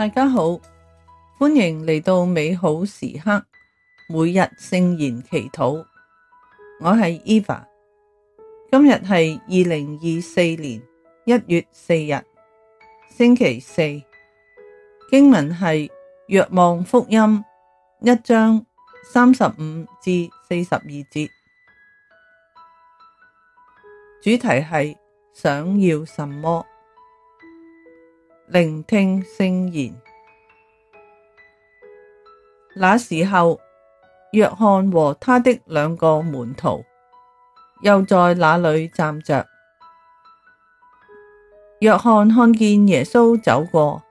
大家好，歡迎嚟到美好時刻，每日聖言祈禱。我係 Eva，今日係二零二四年一月四日，星期四。經文係《若望福音》一章三十五至四十二節，主題係想要什麼。聆聽聖言。那時候，若翰和他的兩個門徒又在那裏站着。若翰看見耶穌走過，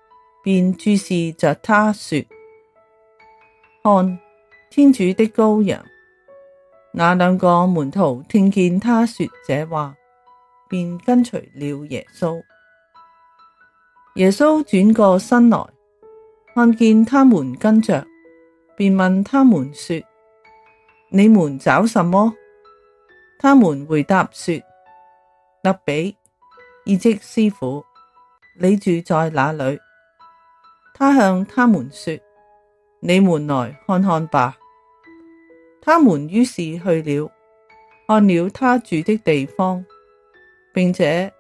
便注視着他說：看，天主的羔羊。那兩個門徒聽見他說這話，便跟隨了耶穌。耶穌轉過身來，看見他們跟着，便問他們說：你們找什麼？他們回答說：辣彼，意即師傅，你住在哪裏？他向他們說：你們來看看吧。他們於是去了，看了他住的地方，並且，.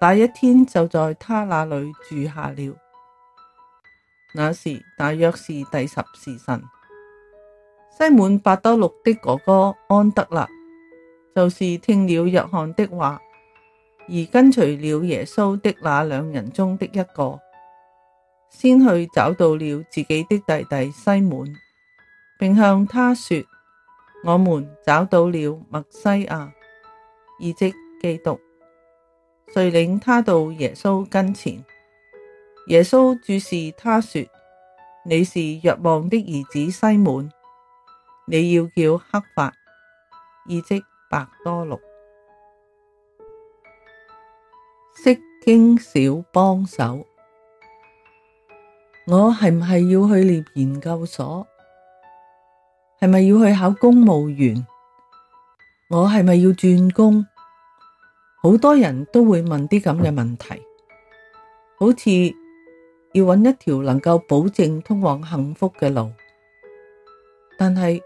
那一天就在他那裏住下了。那時，大約是第十時辰，西滿伯多祿的哥哥安德肋，就是聽了約翰的話而跟隨了耶穌的那兩人中的一個，先去找到了自己的弟弟西滿，並向他說：我們找到了默西亞，意即基督。遂領他到耶穌跟前，耶穌注視他說：你是若望的兒子西滿，你要叫刻法，意即伯多祿。釋經小幫手。我係唔係要去念研究所？係咪要去考公務員？我係咪要轉工？好多人都會問啲咁嘅問題，好似要搵一條能夠保證通往幸福嘅路，但係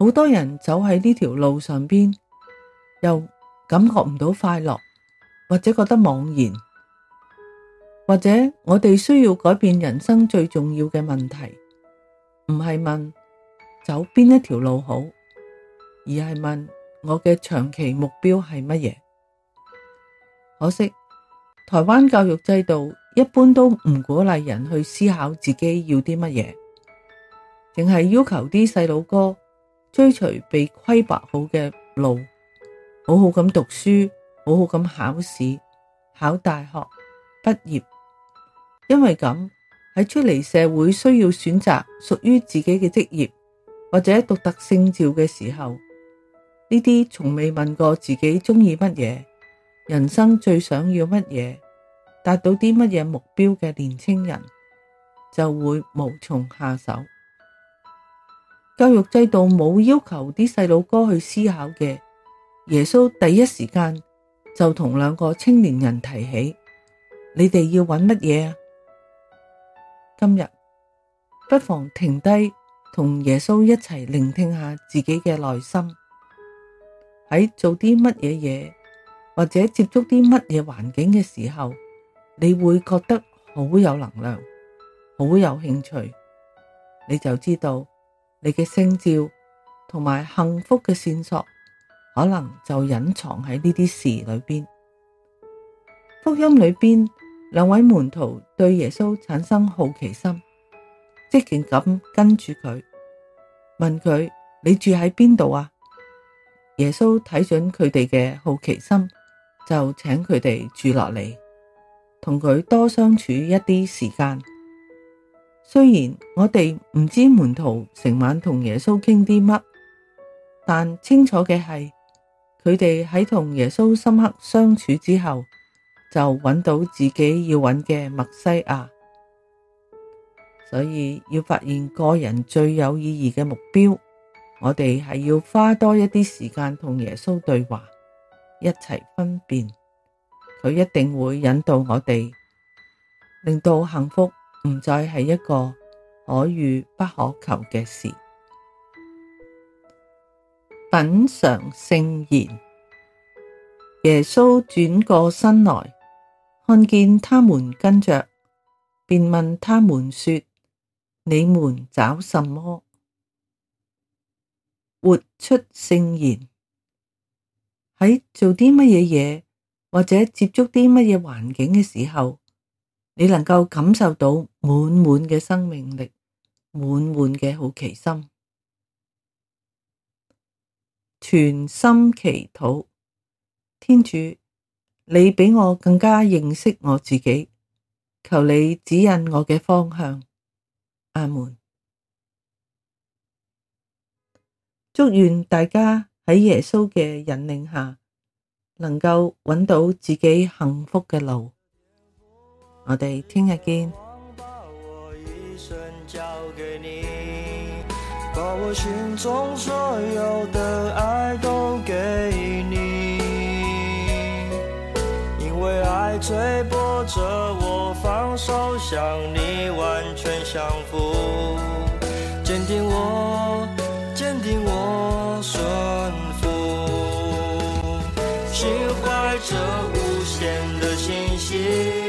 好多人走喺呢條路上邊，又感覺唔到快樂，或者覺得茫然，或者我哋需要改變人生最重要嘅問題，唔係問走邊一條路好，而係問我嘅長期目標係乜嘢。可惜，台灣教育制度一般都唔鼓勵人去思考自己要啲乜嘢，淨係要求啲細佬哥追隨被規劃好嘅路，好好咁讀書，好好咁考試，考大學，畢業。因為咁，喺出嚟社會需要選擇屬於自己嘅職業或者獨特聖召嘅時候，呢啲從未問過自己中意乜嘢。人生最想要乜嘢，達到啲乜嘢目標嘅年青人，就會無從下手。教育制度冇要求啲細佬哥去思考嘅，耶穌第一時間就同兩個青年人提起：「你哋要搵乜嘢呀？」今日不妨停低，同耶穌一齊聆聽下自己嘅內心，喺做啲乜嘢嘢。或者接觸啲乜嘢環境嘅時候，你會覺得好有能量、好有興趣，你就知道你嘅聖召同埋幸福嘅線索，可能就隱藏喺呢啲事裏邊。福音裏邊，兩位門徒對耶穌產生好奇心，積極咁跟住佢，問佢，你住喺邊度啊？耶穌睇準佢哋嘅好奇心。就請佢哋住落嚟，同佢多相處一啲時間。雖然我哋唔知門徒成晚同耶穌傾啲乜，但清楚嘅係佢哋喺同耶穌深刻相處之後，就揾到自己要揾嘅默西亞。所以要發現個人最有意義嘅目標，我哋係要花多一啲時間同耶穌對話，一齊分辨，佢一定會引導我哋，令到幸福唔再係一個可遇不可求嘅事。品嘗聖言，耶穌轉過身來，看見他們跟着，便問他們說：你們找什麼？活出聖言。喺做啲乜嘢嘢，或者接觸啲乜嘢環境嘅時候，你能夠感受到滿滿嘅生命力，滿滿嘅好奇心。全心祈禱，天主，你比我更加認識我自己，求你指引我嘅方向。阿門。祝願大家喺耶穌嘅引領下，能夠揾到自己幸福嘅路。我哋聽日見。 這無限的信息。